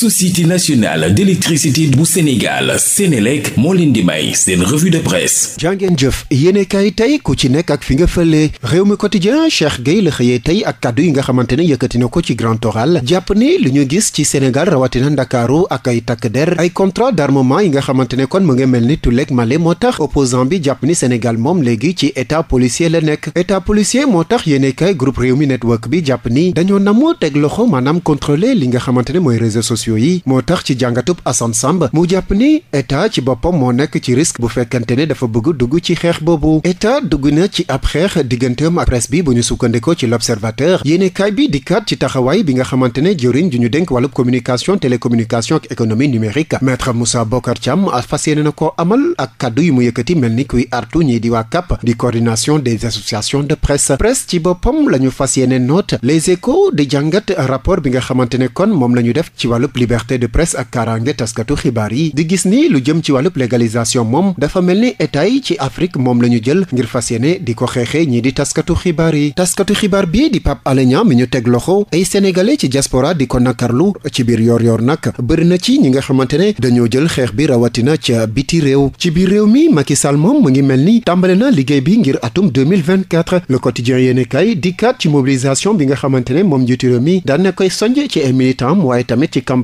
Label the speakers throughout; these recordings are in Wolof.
Speaker 1: société nationale d'électricité bu Sénégal Sénélec moo leen di may seen revue de presse jàngeen jëf yéenekaay tey ku ci nekk ak fi nga fële réew mi quotidien Cheikh Gueye la xëyee tey ak kàddu yi nga xamante ne yëkkati ko ci grand oral jàpp ni lu ñu gis ci Sénégal rawatina Ndakaaru ak ay takk der ay contrat d'armement yi nga xamante ne kon mu ngi mel ni tulleeg male moo tax opposant bi jàpp ni Sénégal moom léegi ci état policier la nekk état policier moo tax yéenekaay groupe réew mi network bi jàpp ni dañoo namoo teg loxo maanaam contrôler li nga xamante ne mooy réseaux sociaux sociaux yi moo tax ci jàngatub Assane Samb mu jàpp ni état ci boppam moo nekk ci risque bu fekkante ne dafa bëgg dugg ci xeex boobu état dugg na ci ab xeex digganteem ak presse bi bu ñu sukkandikoo ci l'observateur yéenekaay bi dikkaat ci taxawaay bi nga xamante ne jëriñ ju ñu dénk wàllub communication télécommunication ak économie numérique maître Moussa Bokar Thiam fas yéene na ko amal ak kàddu yu mu yëkkati mel ni kuy artu ñii di waa CAP di coordination des associations de presse presse ci boppam la ñu fas yéene note les échos di liberté de presse ak kaaraange taskatu xibaar yi di gis ni lu jëm ci wàllub légalisation moom dafa mel ni état yi ci Afrique moom la ñu jël ngir fas yéene di ko xeexee ñii di taskatu xibaar yi taskatu xibaar bii di Pape Alé mi ñu teg loxo ay sénégalais ci diaspora di ko nakarlu ci biir yoor yoor nag bëri na ci ñi nga xamante ne dañoo jël xeex bi rawatina ca biti réew ci biir réew mi Macky moom mu ngi mel ni tàmbale na liggéey bi ngir atum 2024 le quotidien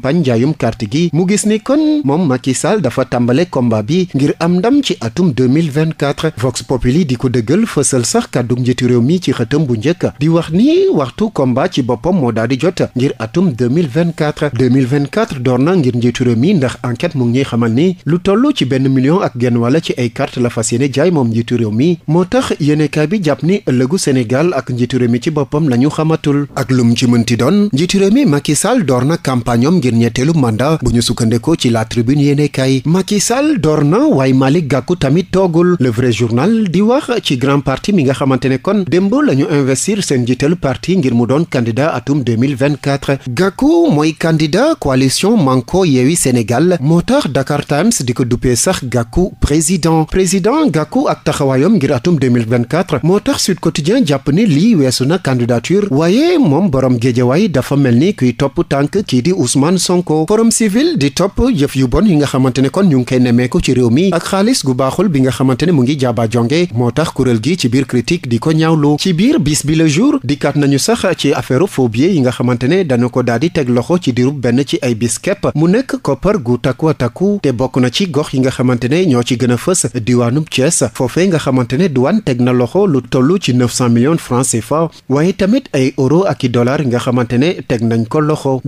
Speaker 1: campagne njaayum carte gi mu gis ni kon moom Macky Sall dafa tàmbale combat bi ngir am ndam ci atum 2024 di ko dëggal fësal sax kàddu njiitu réew mi ci xëtam bu njëkk di wax ni waxtu combat ci boppam moo daal di jot ngir atum 2024 2024 door na ngir njiitu réew mi ndax enquête mu ngi ñuy xamal ni lu toll ci benn million ak genn wala ci ay carte la fas yéene jaay moom njiitu réew mi moo tax yéenekaay bi jàpp ni ëllëgu Sénégal ak njiitu réew mi ci boppam lañu xamatul ak lum ci mënti doon njiitu réew mi ñetteelu mandat bu ñu sukkandekoo ci la tribune yéenekaay Macky Sall door na waaye Malick Gakou tamit toogul le journal di wax ci grand parti mi nga xamante ne kon démb la ñu investir seen jiitalu parti ngir mu doon candidat atum 2024 Gakou mooy candidat coalition Manko Yewwi Sénégal moo tax Dakar Times di ko duppee sax Gakou président président Gakou ak taxawaayam ngir atum 2024 moo tax Sud Quotidien jàpp ne lii weesu na candidature waaye moom borom géejawaay dafa mel ni kuy topp tànk kii di Ousmane Ousmane Sonko forum civil di topp jëf yu bon yi nga xamante ne kon ñu ngi koy nemmeeku ci réew mi ak xaalis gu baaxul bi nga xamante ne mu ngi jaaba jonge moo tax kuréel gi ci biir critique di ko ñaawlu ci biir bis bi le jour dikkaat nañu sax ci affaire faux billets yi nga xamante ne dana ko daal di teg loxo ci dirub benn ci ay bis kepp mu nekk koppar gu takku a takku te bokk na ci gox yi nga xamante ne ñoo ci gën a fës diwaanub Thiès foofee nga xamante ne duwaan teg na loxo lu toll ci 900 millions francs CFA waaye tamit ay euro ak i dollar yi nga xamante ne teg nañ ko loxo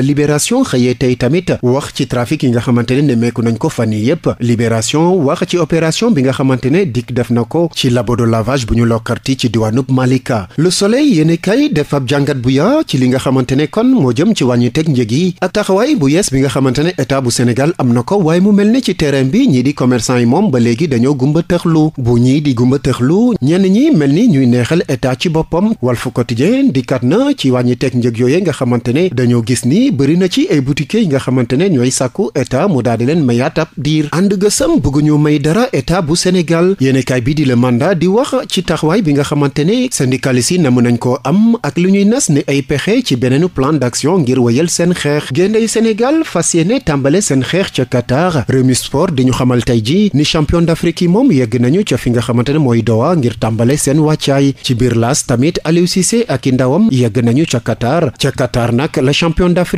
Speaker 1: la libération xëyee tey tamit wax ci trafic yi nga xamante ne nemmeeku nañ ko fan yi yépp libération wax ci opération bi nga xamante ne dikk def na ko ci labo de lavage bu ñu lokkarti ci diwaanub Malika le soleil yéeni kay def ab jàngat bu yaa ci li nga xamante ne kon moo jëm ci wàññi teg njëg yi ak taxawaay bu yees bi nga xamante ne état bu Sénégal am na ko waaye mu mel ne ci terrain bi ñii di commerçant yi moom ba léegi dañoo gumba tëxlu bu ñii di gumba tëxlu ñenn ñi mel ni ñuy neexal état ci boppam Walf Quotidien dikkat na ci wàññi teg njëg yooye nga xamante ne dañoo gis ni ni bëri na ci ay boutiquiers yi nga xamante ne ñooy sàkku état mu daal di leen mayaat ab diir ànd gësam bëgguñu may dara état bu Sénégal yéenekaay bi di la mandat di wax ci taxawaay bi nga xamante ne syndicalistes yi namu nañ koo am ak lu ñuy nas ne ay pexe ci beneenu plan d'action ngir wéyal seen xeex génney Sénégal fas yéene tàmbale seen xeex ca Qatar Rewmi Sport di ñu xamal tey ji ni champion d'Afrique yi moom yegg nañu ca fi nga xamante ne mooy Doha ngir tàmbale seen wàccaay ci biir laas tamit Aliou ak i ndawam yegg nañu ca Qatar ca Qatar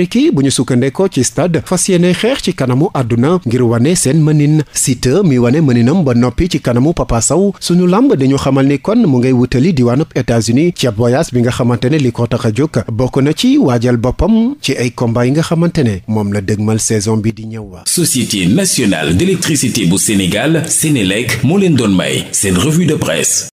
Speaker 1: Afrique yi bu ñu sukkandekoo ci stade fas yéene xeex ci kanamu àdduna ngir wane seen mënin Siteu mi wane mëninam ba noppi ci kanamu Papa Sow suñu làmb dañu xamal ni kon mu ngay wutali diwaanub États-Unis ci ab voyage bi nga xamante ne li ko tax a jóg bokk na ci waajal boppam ci ay combat yi nga xamante ne moom la dëgmal saison bi di ñëw. Société nationale d'électricité bu Sénégal Sénélec moo leen doon may seen revue de presse.